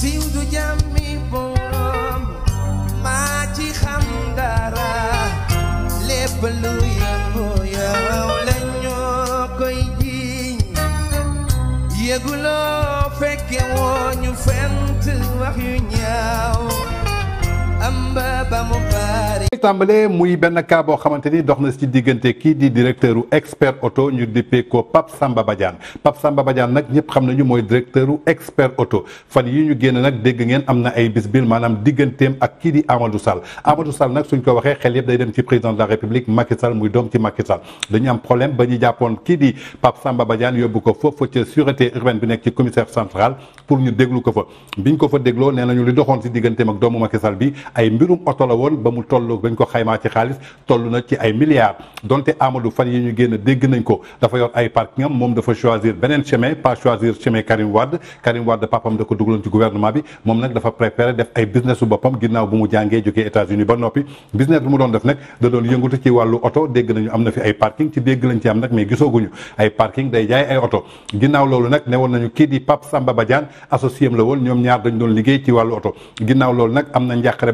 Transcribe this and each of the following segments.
siiw du jàmmi borom maa xam dara lépp lu yëngu yow la ñoo koy jiiñ yëguloo fekke woo fent wax yu ñaaw tàmbalee muy benn ka bo xamanteni doxna ci diggante ki di directeur expert auto ñu dippee ko Pape Samba Badiane Pape Samba Badiane nak ñep xam nañu mooy directeur expert auto fan yi ñu génn nak dégg ngeen amna ay bis manam maanaam ak ki di Amadou Sall Amadou Sall nak suñ ko waxé xel yëpp day dem ci président de la République Macky Sall muy doom ci Macky Sall dañu am problème ba ñu jàppoon kii di Pape Samba Badiane yobbu ko foofu ci sûreté urbaine bi nek ci commissaire central pour ñu dégglu ko fa biñ ko fa dégglo nee nañu li doxone ci digganteem ak doomu Macky Sall bi ay mbirum oto la woon ba mu toll bañ ko xaymaa ci xaalis toll na ci ay milliards donte Amadou fan yi ñu génn dégg nañ ko dafa yor ay parking am moom dafa choisir beneen chemin pas choisir chemin Karim Wade Karim Wade papam da ko dugaloon ci gouvernement bi moom nag dafa préféré def ay business su boppam ginnaaw bu mu jàngee jógee États-Unis ba noppi business bi mu doon def nag da doon yëngatu ci wàllu oto dégg nañu am na fi ay parking ci dégg lañ ci am nag mais gisooguñu ay parking jaay oto ginnaaw loolu nag ne woon nañu kii di Pape Samba Badiane associé am la woon ñaar dañ doon liggéey ci wàllu oto ginnaaw loolu nag am na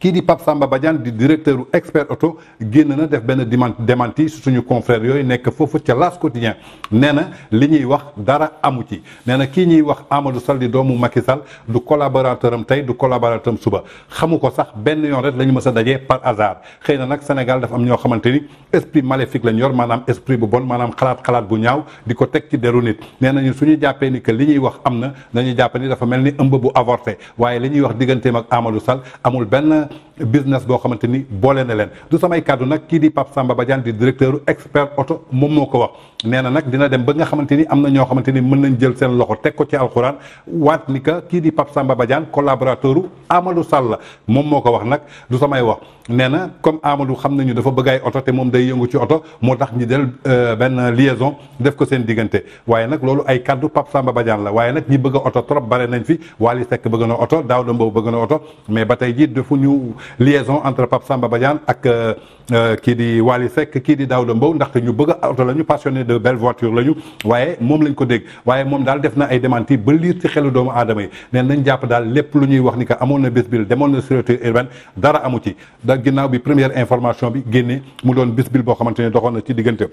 kii di Pape Samba Badiane di directeur expert auto génn na def benn démenti suñu confrère yooyu nekk foofu ca L'As Quotidien nee na li wax dara amu ci nee na kii wax Amadou sal, di doomu Macky du collaborateur am tey du collaborateur am suba xamu ko sax benn yoon rek la par hasard xëy nak, Sénégal d'af am ñoo esprit maléfique lañ yor esprit bu bon maanaam Khalat xalaat bu ñaaw di ko teg ci deru nit nee suñu jàppee ni que li ñuy wax amna, na nañu jàpp ni dafa ni bu avorté waaye li wax digganteem mak Amadou Sall amul benn business boo xamante ni boole na leen du samay kàddu nag kii di Pape Samba Badiane di directeur expert auto moom moo ko wax nee na nag dina dem ba nga xamante ni am na ñoo xamante ni mën nañ jël seen loxo teg ko ci alxuraan waat ni que kii di pap Samba Badiane collaborateur u Amadou la moom moo ko wax nag du samay wax nee na comme Amadou xam nañu dafa bëgg ay oto te moom day yëngu ci oto moo tax ñu del euh, benn liaison def ko seen diggante waaye nag loolu ay kaddu Pape Samba Badiane la waaye ñi bëgg oto trop bare nañ fi Wally Seck bëgg na oto Daouda Mbow bëgg na oto mais ba tey jii defu ñu liaison entre Pape Samba Badiane ak euh, euh, kii di Wally Seck kii di Daouda Mbow ndaxte ñu bëgg oto la ñu de belles voitures lañu waaye moom lañ ko dégg waaye moom daal def na ay démenti ba liir ci xelu doomu aadama yi neen nañ jàpp daal lépp lu ñuy wax ni que amoon na bis bil demoon na sûreté urbaine dara amu ci da bi première information bi génnee mu doon bis bil boo xamante ne doxoon na ci diggante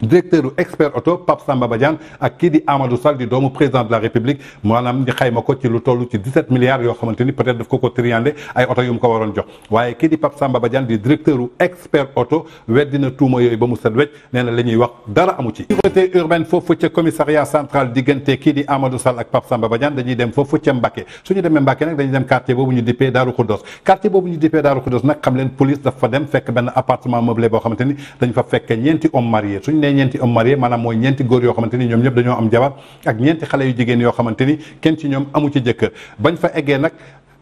directeur expert auto Pape Samba Badiane ak ki di Amadou Sall di doomu président de la république manam ñu xayma ko ci lu tollu ci 17 milliards yo xamanteni peut-être daf ko ko triandé ay auto yu ko waron jox waye ki di Pape Samba Badiane di directeur expert auto weddina tuuma yoy ba mu set wecc nee na wax dara amu ci sécurité urbaine fofu ci commissariat central diggante ki di Amadou Sall ak Pape Samba Badiane dañuy dem fofu ci Mbacké suñu demee Mbacké nak dañuy dem quartier bobu ñu dippee Daaru Khoudoss quartier bobu ñu dippee Daaru Khoudoss nak xam leen police daf fa dem fekk ben appartement meublé bo xamanteni ni dañ fa fekk ñenti hommes mariés buñ ne ñeenti hommes mariés maanaam mooy ñeenti góor yoo xamante ni ñoom ñëpp dañoo am jabar ak ñeenti xale yu jigéen yoo xamante ni kenn ci ñoom amu ci jëkkër bañ fa eggee nag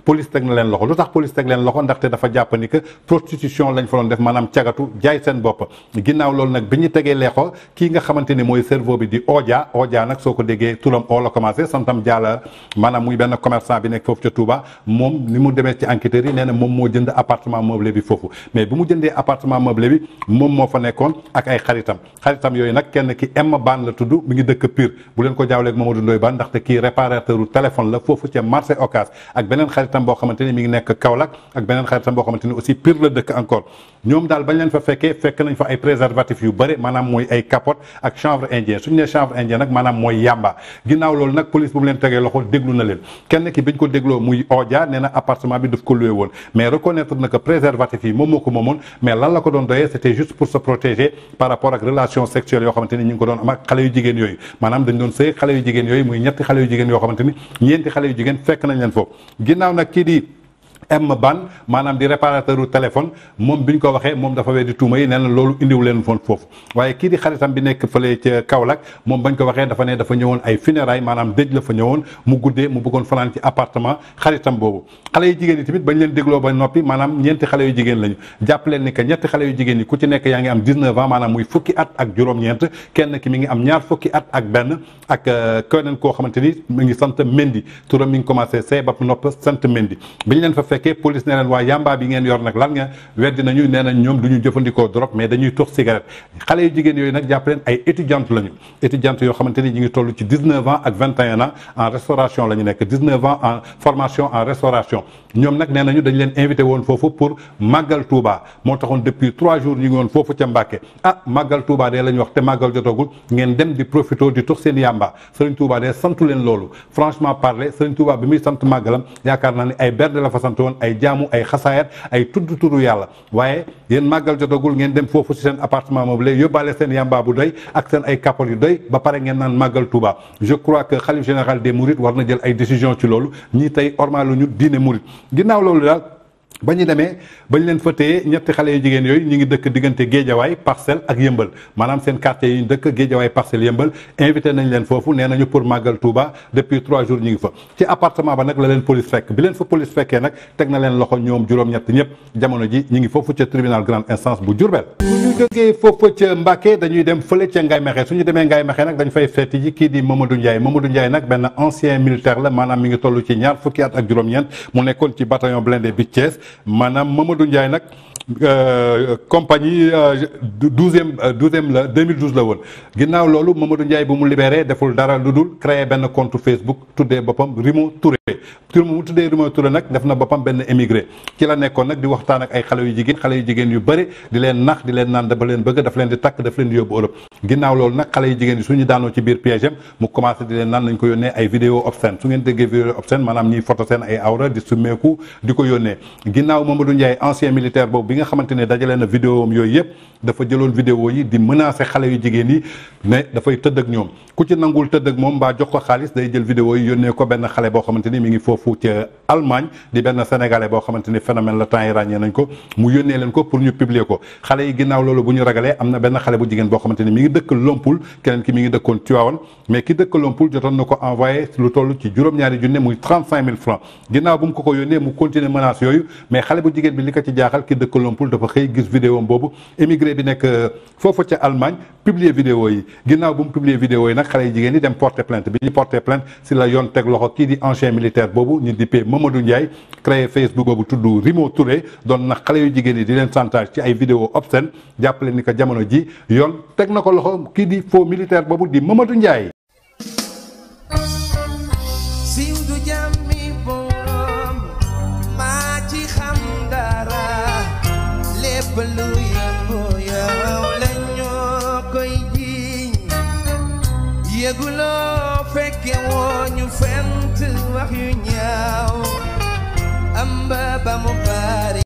police tek na len loxo lutax police tek len loxo ndaxte dafa japp ni que prostitution lañ fa doon def manam cagatu jay sen bop ginnaw lol nak biñu ñu lexo ki nga xamanteni moy cerveau bi di Odia Odia nak soko ko tulam o la commencé santam jaala manam muy benn commerçant bi nek fofu ci Touba mom ni mu demee ci enquêteur yi néna mom mo jënd appartement meublé bi fofu mais bu mu jëndé appartement meublé bi mom mo fa nekkoon ak ay xaritam xaritam yoy nak kenn ki Emma Ban la tuddu mi ngi dëkk Pire bu len ko jawlé ak Mamadou Ndoye Ban ndaxte ki réparateur téléphone la fofu ci marché occas ak benen xaritam xaritam boo xamante mi ngi nek Kaolack ak benen xaritam bo xamanteni aussi Pire la dëkk encore ñom dal bañ leen fa fekke fek nañ fa ay préservatif yu bëri manam moy ay capote ak chanvre indien suñu ne chanvre indien nak manam moy yamba ginnaaw loolu nak police bu mu leen tegee loxo deglu na leen kenn ki biñ ko deglo muy Odia nee na appartement bi daf ko loué woon mais reconnaître nak préservatif yi mom moko momone mais lan la ko don doyee c'était juste pour se protéger par rapport ak relation sexuelle yo xamanteni ni ñu ko don am ak xalé yu jigen yoy manam dañ don sey xalé yu jigen yoy muy ñetti xalé yu jigen yo xamanteni ni xalé yu jigen fek nañ leen foofu ginnaaw nag aquele M ban maanaam di réparateur téléphone moom bi ñu ko waxee moom dafa weddi tuuma yi nee na loolu indiwu foofu waaye kii di xaritam bi nekk fële ca Kaolack moom bañ ko waxee dafa ne dafa ñëwoon ay funérailles maanaam dëj la fa ñëwoon mu guddee mu bëggoon fanaan ci appartement xaritam boobu xale yu jigéen yi tamit bañ leen dégloo ba noppi maanaam ñeenti xale yu jigéen lañu jàpp leen ni que ñetti xale yu jigéen yi ku ci nekk yaa ngi am 19 ans maanaam muy fukki ñeent kenn ki mi ngi am ñaar fukki at ak benn ak euh, keneen koo xamante ni mi ngi sant Mendy turam mi ngi commencé seebab nopp sant Mendy biñ attaqué police nee leen waa yamba bi ngeen yor nag lan nga weddi nañu nee nañ ñoom du ñu jëfandikoo drogue mais dañuy tox cigarette xale yu jigéen yooyu nag jàpp leen ay étudiante lañu étudiante yoo xamante ni ñu ngi toll ci 19 ans ak 21 ans en restauration la ñu nekk 19 ans en formation en restauration ñoom nag nee nañu dañ leen invité woon foofu pour màggal Touba moo taxoon depuis 3 jours ñu ngi woon foofu ca Mbàkke ah màggal Touba de la ñu wax te màggal jotagul ngeen dem di profito di tox seen yamba Serigne Touba de santu leen loolu franchement parler Serigne Touba bi muy sant màggalam yaakaar naa ne ay berde la fa santoon woon ay jaamu ay xasaayat ay tudd turu yàlla waaye yéen màggal jotagul ngeen dem foofu si seen appartement meublé yóbbaale seen yamba bu doy ak seen ay kappal yu doy ba pare ngeen naan màggal Touba je crois que xalif général des mourides war na jël ay décision ci loolu ñii tey ormalu ñu diine mouride ginnaaw loolu daal ba ñu demee ba ñu leen fa téye ñetti xale yu jigéen yooyu ñu ngi dëkk diggante géejawaay parcelle ak yëmbal maanaam seen quartier yi ñu dëkk géejawaay parcelle yëmbal invité nañ leen foofu nee nañu pour màggal Touba depuis trois jours ñu ngi fa ci appartement ba nag la leen police fekk bi leen fa police fekkee nag teg na leen loxo ñoom juróom-ñett ñëpp jamono ji ñu ngi foofu ca tribunal grande instance bu Diourbel jógee foofu ci mbacké dañuy dem feulé ci ngay Mekhe suñu démé ngay Ngaye nak dañ fay seeti ci ki di Mamadou ndjay Mamadou ndjay nak benn ancien militaire la manam mi ngi tollu ci ñaar fukki at ak juroom ñeent mu nekkoon ci bataillon blindé bi Thiès maanaam Mamadou ndjay nak euh, compagnie euh, douzième 12e euh, 2012 la won ginnaw Mamadou Ndiaye bu libéré deful dara créer ben compte Facebook tuddé bopam Rimo Touré mu est Touré nak def na émigré ci la nak di waxtan ak ay xalé yu jigen xalé yu jigen yu bari di len nax di len de bëgg daf len di tak daf di suñu ci mu commencé di len nan lañ ko ay vidéo obscène su ngeen déggé vidéo photo ay ancien militaire bobu nga xamantene dajale na vidéo am yoy yep dafa jëlone vidéo yi di menacer xale yu jigéen yi mais da fay teud ak ñom ku ci nangul teud ak mom ba jox ko xaalis day jël vidéo yi yónnee ko ben xale bo xamantene mi ngi fofu ci Allemagne di ben sénégalais bo xamantene phénomène la temps yi ràññee nañ ko mu yónnee leen ko pour ñu publier ko xale yi ginnaaw lolu bu ñu ragalee am na xale bu jigéen bo xamantene mi ngi dëkk Lompul keneen ki mi ngi dëkkon Tivaouane mais ki dëkk Lompul jotoon nako envoyer envoyé lu tollu ci juróom-ñaari junne muy 35000 francs ginnaaw bu mu ko ko yónnee mu continuer menace yooyu mais xale bu jigéen bi li ko ci jaaxal ki dëkk Guillaume Poul dafa xëy gis vidéo boobu émigré bi nekk euh, foofu ca Allemagne publier vidéo yi ginnaaw bu mu publier vidéo yi nag xale yi jigéen ñi dem porter plainte bi ñu porter plainte si la yoon teg loxo kii di ancien militaire boobu ñu dippee Mamadou Ndiaye créé Facebook boobu tudd Rimo Touré doon na xale yu jigéen yi di leen santage ci ay vidéo obscène jàppale ni ko jamono ji yoon teg na ko loxo kii di faux militaire boobu di Mamadou Ndiaye jébbalu yow yow la ñoo koy jiiñ yëguloo fekke woo ñu fent wax yu ñaaw amba ba mu